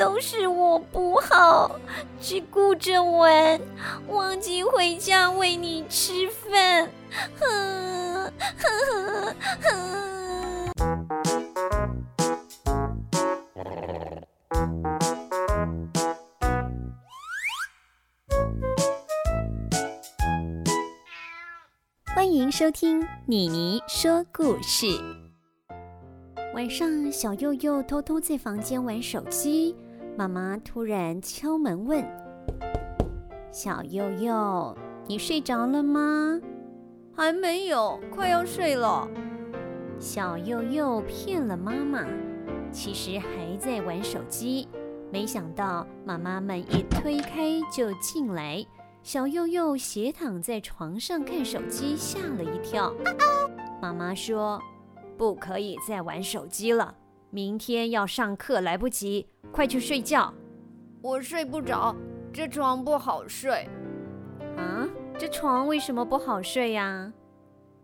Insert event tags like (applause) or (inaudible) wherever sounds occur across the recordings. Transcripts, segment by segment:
都是我不好，只顧着玩，忘記回家餵你吃飯。哼哼哼！歡迎收聽妮妮說故事。晚上，小右右偷偷偷在房間玩手機。媽媽突然敲門問：“小佑佑，你睡着了嗎？”“還沒有，快要睡了。”小佑佑騙了媽媽，其實還在玩手機。沒想到媽媽門一推開就進來，小佑佑斜躺在床上看手機，嚇了一跳。媽媽說：“不可以再玩手機了。”明天要上課，來不及，快去睡覺。我睡不着，這床不好睡。啊，這床為什麼不好睡呀、啊？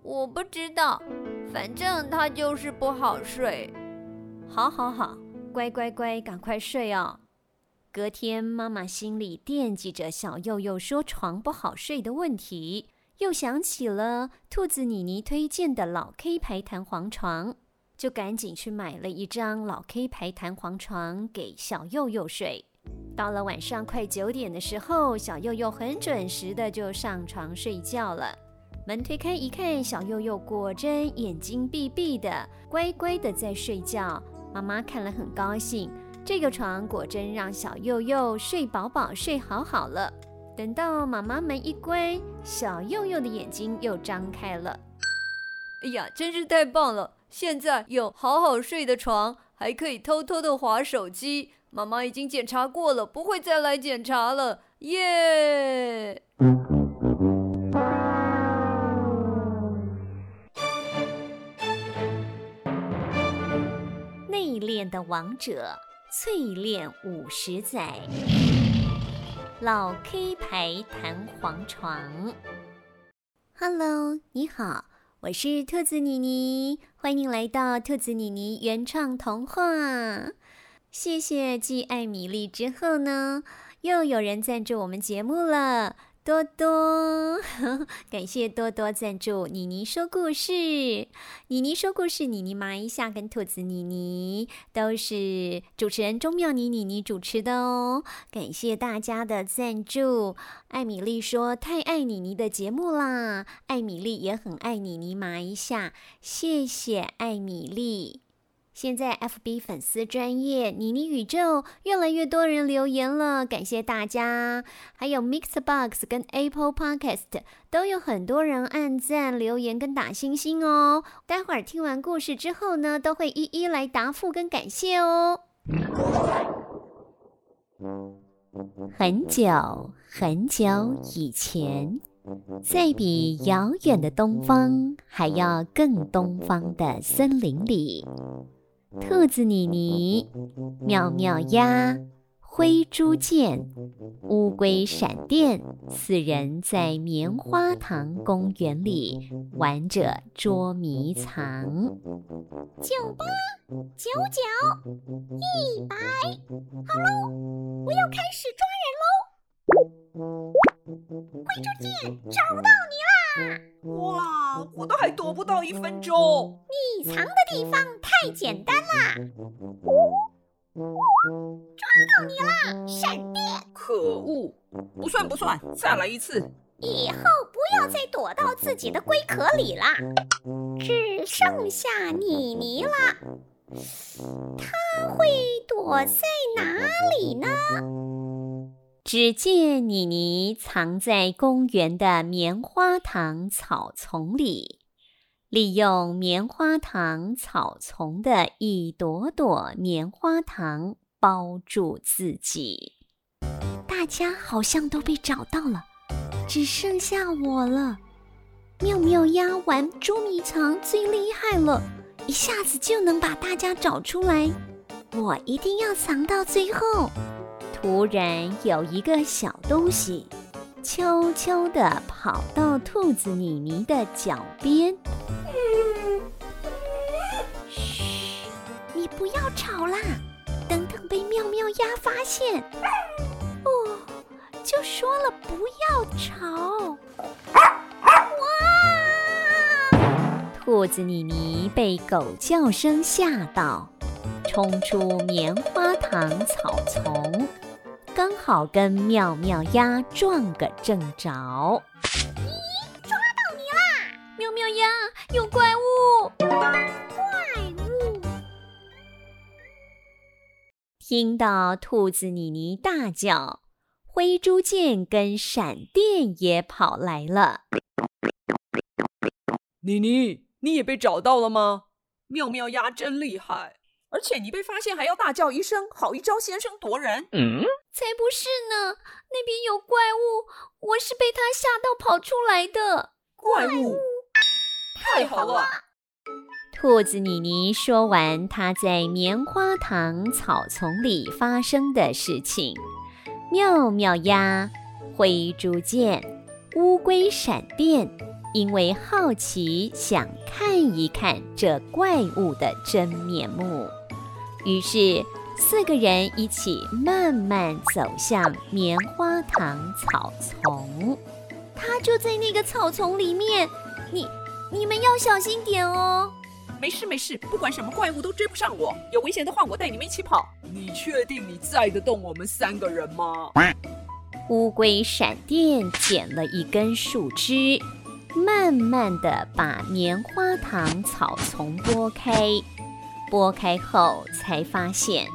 我不知道，反正它就是不好睡。好好好，乖乖乖，趕快睡哦。隔天，媽媽心裡惦記着小柚柚說床不好睡的問題，又想起了兔子妮妮推薦的老 K 牌彈簧床。就趕緊去買了一張老 K 牌彈簧床給小佑佑睡。到了晚上快九點的時候，小佑佑很準時的就上床睡覺了。門推開一看，小佑佑果真眼睛閉閉的，乖乖的在睡覺。媽媽看了很高興，這個床果真讓小佑佑睡飽飽、睡好好了。等到媽媽門一關，小佑佑的眼睛又張開了。哎呀，真是太棒了！現在有好好睡的床，還可以偷偷的滑手機。媽媽已經檢查過了，不會再來檢查了。耶、yeah!！內斂的王者，淬煉五十載。老 K 牌彈簧床。Hello，你好。我是兔子妮妮，歡迎來到兔子妮妮原創童話。謝謝繼艾米麗之後呢，又有人贊助我們節目了。多多，呵呵，感謝多多贊助，妮妮說故事，妮妮說故事，妮妮麻一下，跟兔子妮妮妮都是主持人鐘妙妮妮妮主持的哦。感謝大家的贊助，艾米麗說太愛妮妮的節目啦，艾米麗也很愛妮妮麻一下，謝謝艾米麗。現在，FB 粉絲專頁妮妮宇宙越來越多人留言了，感謝大家。還有 Mixbox 跟 Apple Podcast 都有很多人按讚、留言跟打星星哦。待會兒聽完故事之後呢，都會一一來答復跟感謝哦。很久很久以前，在比遙遠的東方還要更東方的森林裡。兔子妮妮、妙妙鴨、灰豬劍、烏龜閃電四人在棉花糖公園裡玩着捉迷藏。九八九九一百，好嘍，我要開始抓人嘍！灰豬劍，找到你了！哇！我都還躲不到一分鐘，你藏的地方太簡單啦，哦哦！抓到你了，閃電！可惡，不算不算，再來一次。以後不要再躲到自己的龜殼裡啦。只剩下妮妮了，他會躲在哪裡呢？只見妮妮藏在公園的棉花糖草叢裡，利用棉花糖草叢的一朵朵棉花糖包住自己。大家好像都被找到了，只剩下我了。妙妙鴨玩捉迷藏最厲害了，一下子就能把大家找出來。我一定要藏到最後。突然，有一個小東西悄悄地跑到兔子妮妮的腳邊。噓，你不要吵啦，等等被喵喵鴨發現。哦，就說了不要吵。哇！兔子妮妮被狗叫聲嚇到，衝出棉花糖草叢。剛好跟妙妙鴨撞個正着，咦，抓到你啦！妙妙鴨，有怪物！怪物！聽到兔子妮妮大叫，灰豬劍跟閃電也跑來了。妮妮，你也被找到了嗎？妙妙鴨真厲害。而且你被發現還要大叫一聲，好一招先聲奪人。嗯，才不是呢，那邊有怪物，我是被他嚇到跑出來的。怪物,怪物太，太好了！兔子妮妮說完她在棉花糖草叢裡發生的事情。妙妙鴨，灰豬劍，烏龜閃電，因為好奇想看一看這怪物的真面目。於是，四個人一起慢慢走向棉花糖草叢。它就在那個草叢裡面。你，你們要小心點哦。沒事沒事，不管什麼怪物都追不上我。有危險的話，我帶你們一起跑。你確定你載得動我們三個人嗎？烏龜閃電撿了一根樹枝，慢慢地把棉花糖草叢撥開。撥開後才發現，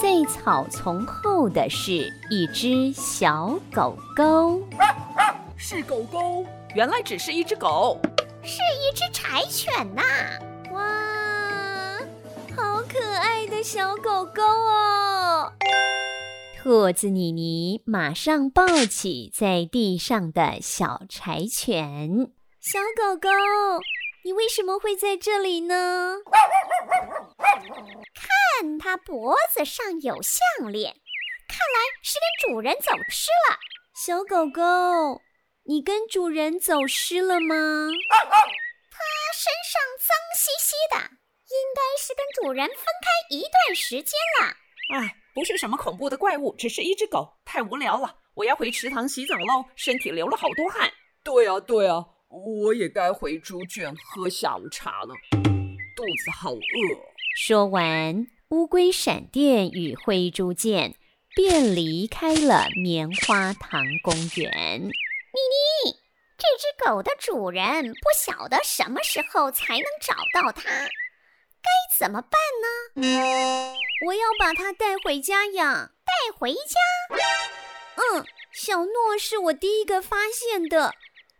在草叢後的是一隻小狗狗。啊啊、是狗狗，原來只是一隻狗，是一隻柴犬吶、啊！哇，好可愛的小狗狗哦！兔子妮妮馬上抱起在地上的小柴犬，小狗狗。你為什麼會在這裡呢？看它脖子上有項鏈，看來是跟主人走失了。小狗狗，你跟主人走失了嗎？它、啊啊、身上髒兮兮的，應該是跟主人分開一段時間了。唉，不是什麼恐怖的怪物，只是一隻狗。太無聊了，我要回池塘洗澡嘍，身體流了好多汗。對呀、啊，對呀、啊。我也該回豬圈喝下午茶了，嗯，肚子好餓。說完，烏龜閃電與灰豬劍，便離開了棉花糖公園。妮妮，這隻狗的主人不曉得什麼時候才能找到它，該怎麼辦呢？我要把它帶回家呀！帶回家？嗯，小諾是我第一個發現的。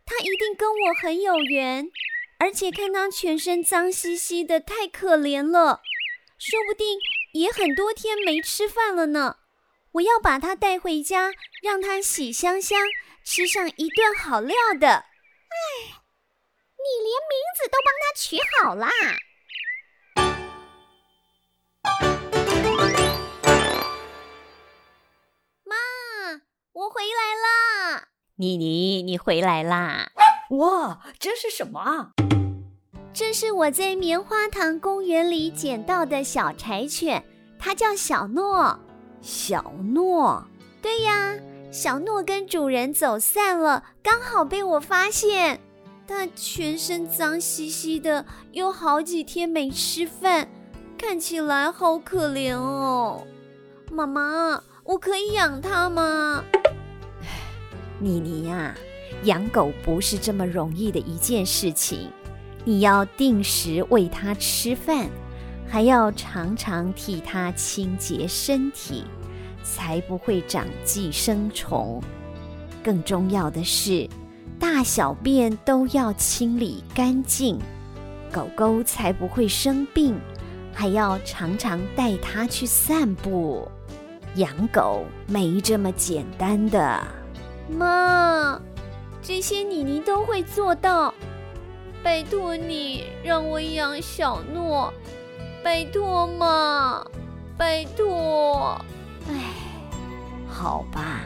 他一定跟我很有緣，而且看他全身髒兮兮的，太可憐了，說不定也很多天沒吃飯了呢。我要把他帶回家，讓他洗香香，吃上一頓好料的。哎，你連名字都幫他取好啦！媽，我回來了。妮妮，你回來啦！哇，這是什麼啊？這是我在棉花糖公園裡撿到的小柴犬，它叫小諾。小諾？對呀，小諾跟主人走散了，剛好被我發現。它全身髒兮兮的，有好幾天沒吃飯，看起來好可憐哦。媽媽，我可以養它嗎？妮妮呀，養狗不是這麼容易的一件事情。你要定時餵它吃飯，還要常常替它清潔身體，才不會長寄生蟲。更重要的是，大小便都要清理乾淨，狗狗才不會生病。還要常常帶它去散步，養狗沒這麼簡單的。媽，這些你你都會做到，拜託你讓我養小諾，拜託嘛，拜託。哎，好吧，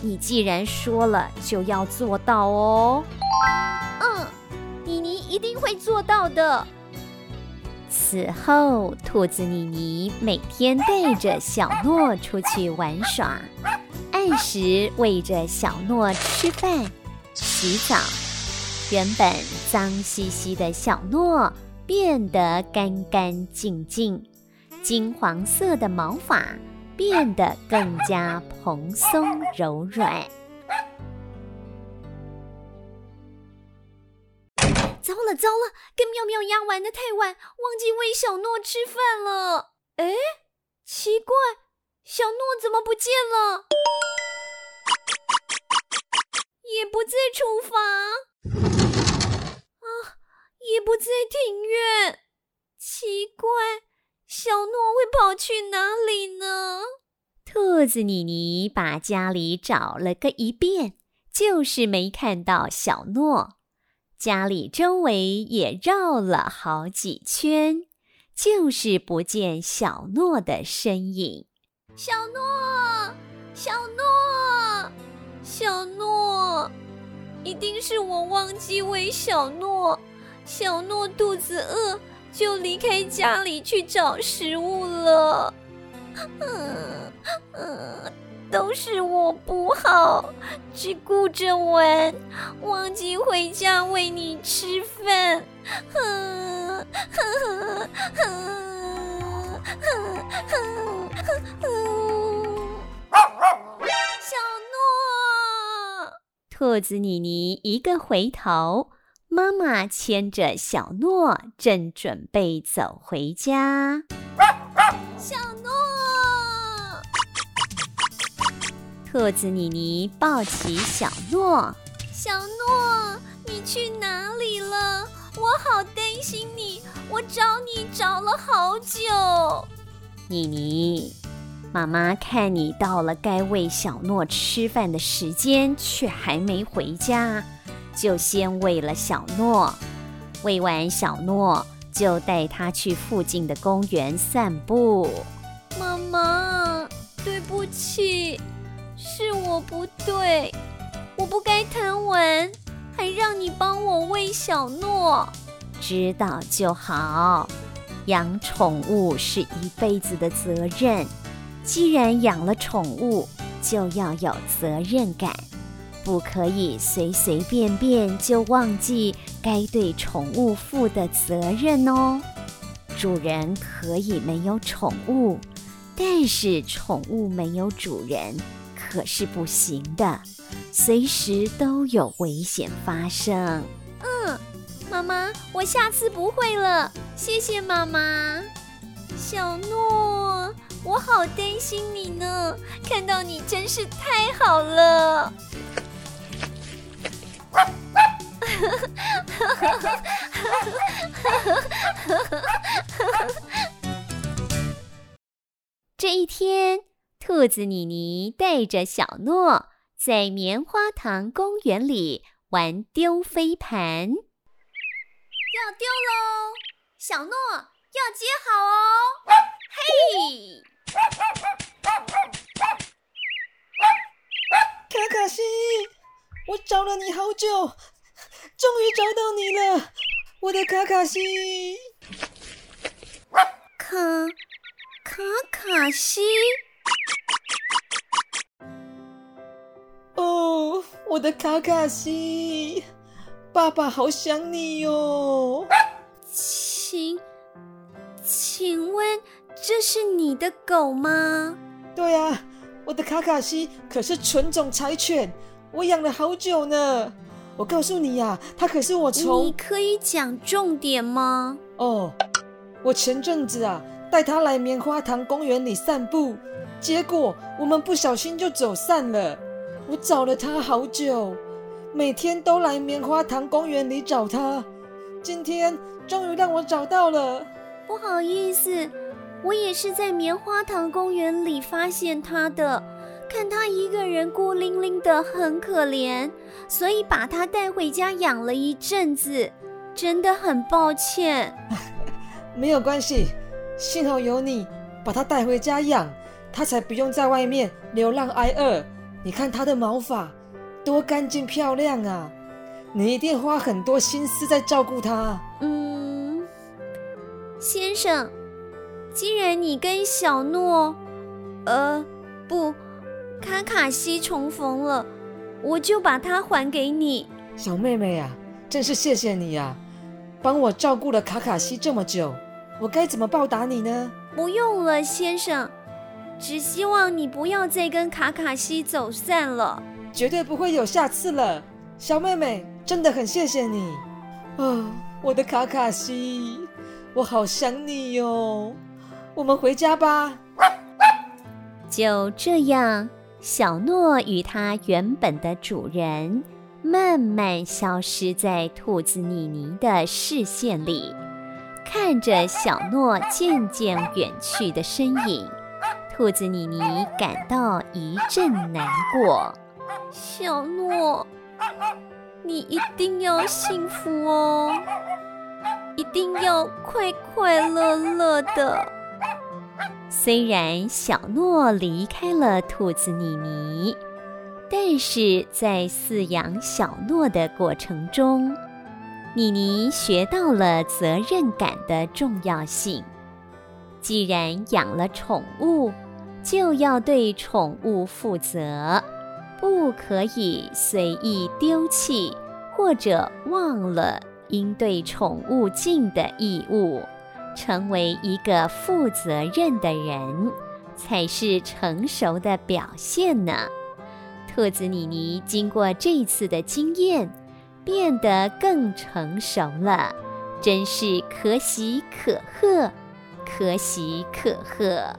你既然說了就要做到哦。嗯，妮妮一定會做到的。此後，兔子妮妮每天帶着小諾出去玩耍。按時餵着小諾吃飯、洗澡，原本髒兮兮的小諾變得乾乾淨淨，金黃色的毛髮變得更加蓬鬆柔軟。糟了糟了，跟妙妙鴨玩得太晚，忘記餵小諾吃飯了。怎麼不見了？也不在廚房啊，也不在庭院，奇怪，小諾會跑去哪裡呢？兔子妮妮把家裡找了個一遍，就是沒看到小諾。家裡周圍也繞了好幾圈，就是不見小諾的身影。小諾,小諾，小諾，小諾，一定是我忘記喂小諾。小諾肚子餓，就離開家裡去找食物了。 (laughs) 都是我不好，只顧着玩，忘記回家喂你吃飯。 (laughs) 小諾，兔子妮妮一個回頭，媽媽牽着小諾正準備走回家。小諾，小諾！兔子妮妮抱起小諾，小諾，你去哪裡？我好擔心你，我找你找了好久。妮妮，媽媽看你到了該餵小諾吃飯的時間，卻還沒回家，就先餵了小諾。餵完小諾，就帶他去附近的公園散步。媽媽，對不起，是我不對，我不該貪玩，還讓你幫我餵小諾。知道就好。養寵物是一輩子的責任，既然養了寵物，就要有責任感，不可以隨隨便便就忘記該對寵物負的責任哦。主人可以沒有寵物，但是寵物沒有主人，可是不行的，隨時都有危險發生。媽，我下次不會了，謝謝媽媽。小諾，我好擔心你呢，看到你真是太好了。這一天，兔子妮妮帶着小諾在棉花糖公園裡玩丟飛盤。要丟嘍，小諾要接好哦！嘿！Hey！卡卡西，我找了你好久，終於找到你了，我的卡卡西！卡，卡卡西，哦，我的卡卡西。爸爸好想你喲，請，請問這是你的狗嗎？對啊，我的卡卡西可是純種柴犬，我養了好久呢。我告訴你呀，它可是我從……你可以講重點嗎？哦，我前陣子啊帶它來棉花糖公園裡散步，結果我們不小心就走散了，我找了它好久。每天都來棉花糖公園裡找他，今天終於讓我找到了。不好意思，我也是在棉花糖公園裡發現他的，看他一個人孤零零的，很可憐，所以把他帶回家養了一陣子，真的很抱歉。 (laughs) 沒有關係，幸好有你把他帶回家養，他才不用在外面流浪挨餓。你看他的毛髮。多乾淨漂亮啊！你一定花很多心思在照顧他。嗯，先生，既然你跟小諾，呃，不，卡卡西重逢了，我就把它還給你。小妹妹呀，真是謝謝你呀，幫我照顧了卡卡西這麼久，我該怎麼報答你呢？不用了，先生，只希望你不要再跟卡卡西走散了。絕對不會有下次了，小妹妹，真的很謝謝你。啊、哦，我的卡卡西，我好想你喲、哦！我們回家吧。就這樣，小諾與它原本的主人慢慢消失在兔子妮妮的視線裡。看着小諾漸漸遠、遠去的身影，兔子妮妮感到一陣難過。小諾，你一定要幸福哦，一定要快快樂樂的。雖然小諾離開了兔子妮妮，但是在飼養小諾的過程中，妮妮學到了責任感的重要性。既然養了寵物，就要對寵物負責。不可以隨意丟棄或者忘了應對寵物盡的義務，成為一個負責任的人，才是成熟的表現呢。兔子妮妮經過這次的經驗，變得更成熟了，真是可喜可賀，可喜可賀。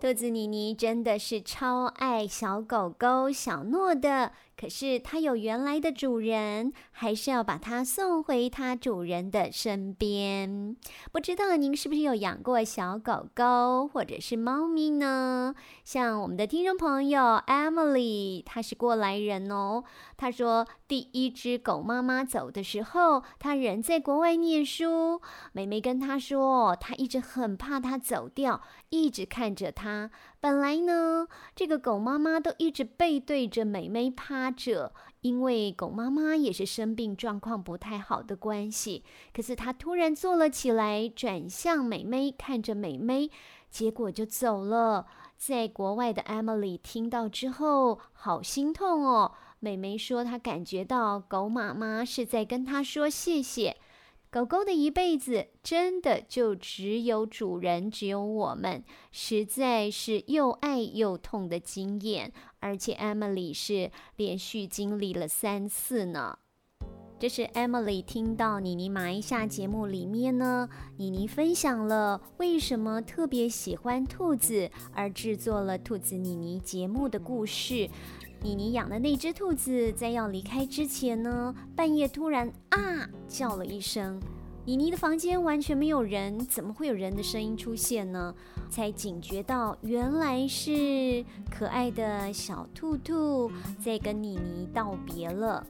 兔子妮妮真的是超愛小狗狗小諾的。可是它有原來的主人，還是要把它送回它主人的身邊。不知道您是不是有養過小狗狗或者是貓咪呢？像我們的聽眾朋友 Emily，她是過來人哦。她說，第一只狗媽媽走的時候，她人在國外念書，妹妹跟她說，她一直很怕它走掉，一直看着它。本來呢，這個狗媽媽都一直背對着美美趴着，因為狗媽媽也是生病狀況不太好的關係。可是它突然坐了起來，轉向美美，看着美美，結果就走了。在國外的 Emily 聽到之後，好心痛哦。美美說，她感覺到狗媽媽是在跟她說謝謝。狗狗的一輩子真的就只有主人，只有我們，實在是又愛又痛的經驗。而且 Emily 是連續經歷了三次呢。這是 Emily 聽到妮妮媽一下節目裡面呢，妮妮分享了為什麼特別喜歡兔子，而製作了兔子妮妮節目的故事。妮妮養的那隻兔子在要離開之前呢，半夜突然啊叫了一聲。妮妮的房間完全沒有人，怎麼會有人的聲音出現呢？才警覺到，原來是可愛的小兔兔在跟妮妮道別了。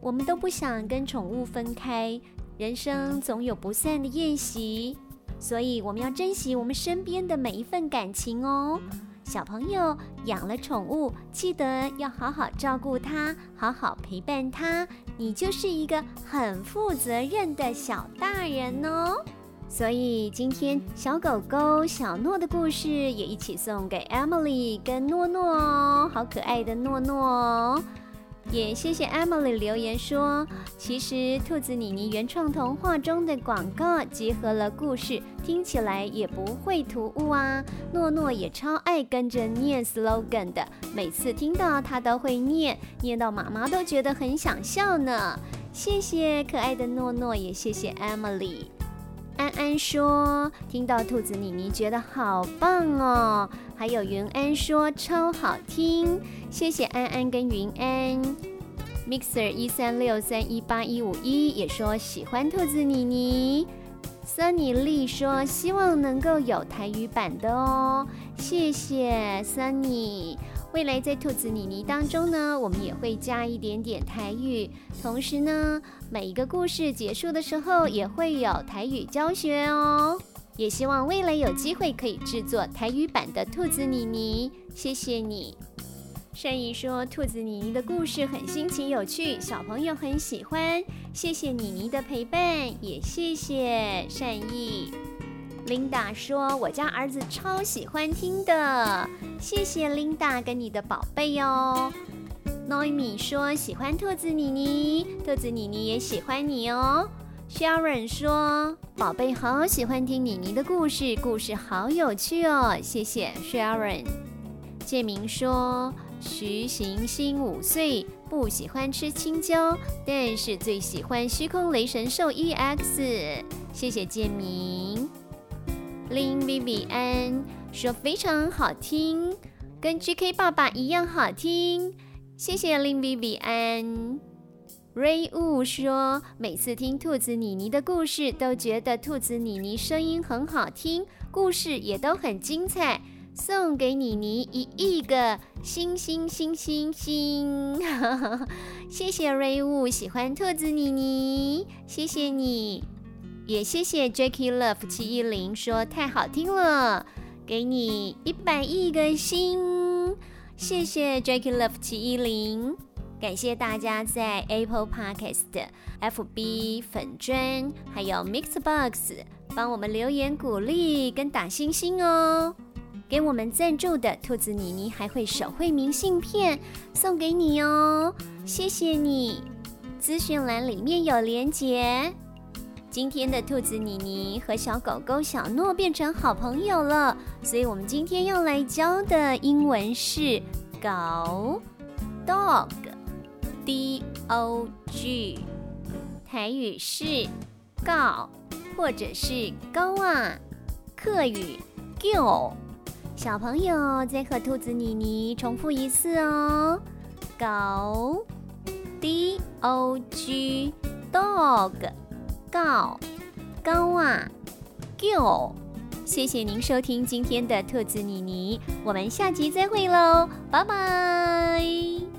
我們都不想跟寵物分開，人生總有不散的宴席，所以我們要珍惜我們身邊的每一份感情哦。小朋友養了寵物，記得要好好照顧它，好好陪伴它。你就是一個很負責任的小大人哦。所以今天小狗狗小諾的故事也一起送給 Emily 跟諾諾哦，好可愛的諾諾哦。也謝謝 Emily 留言說，其實《兔子妮妮》原創童話中的廣告結合了故事，聽起來也不會突兀啊。諾諾也超愛跟着念 slogan 的，每次聽到她都會念，念到媽媽都覺得很想笑呢。謝謝可愛的諾諾，也謝謝 Emily。安安說，聽到《兔子妮妮》覺得好棒哦。還有云安說超好聽，謝謝安安跟云安。Mixer 一三六三一八一五一也說喜歡兔子妮妮。Sunny Lee 說希望能夠有台語版的哦，謝謝 Sunny。未來在兔子妮妮當中呢，我們也會加一點點台語，同時呢，每一個故事結束的時候也會有台語教學哦。也希望未來有機會可以制作台語版的《兔子妮妮》，謝謝你。善意說《兔子妮妮》的故事很新奇有趣，小朋友很喜歡，謝謝妮妮的陪伴，也謝謝善意。琳達說我家兒子超喜歡聽的，謝謝琳達跟你的寶貝喲、哦。Noemi 說喜歡《兔子妮妮》，兔子妮妮也喜歡你哦。Sharon 說：“寶貝好喜歡聽妮妮的故事，故事好有趣哦。”謝謝 Sharon。建明說：“徐行星五歲，不喜歡吃青椒，但是最喜歡虛空雷神獸 EX。”謝謝建明。Lin Vivian 說：“非常好聽，跟 GK 爸爸一樣好聽。”謝謝 Lin Vivian。Ray Wu 說：“每次聽兔子妮妮的故事，都覺得兔子妮妮聲音很好聽，故事也都很精彩。送給妮妮一億個星星星星星！ (laughs) 謝謝 Ray Wu 喜歡兔子妮妮，謝謝你，也謝謝 Jacky Love 七一零說太好聽了，給你一百億個星！謝謝 Jacky Love 七一零。”感謝大家在 Apple Podcast、FB 粉專還有 Mixbox 幫我們留言鼓勵跟打星星哦！給我們贊助的兔子妮妮還會手繪明信片送給你哦，謝謝你！資訊欄裡面有連結。今天的兔子妮妮和小狗狗小諾變成好朋友了，所以我們今天要來教的英文是狗 dog。D O G，台語是“高”或者是“高啊”，客語“叫”。小朋友再和兔子妮妮重複一次哦，“高 D O G Dog 高高啊叫”。謝謝您收聽今天的兔子妮妮，我們下集再會嘍，拜拜。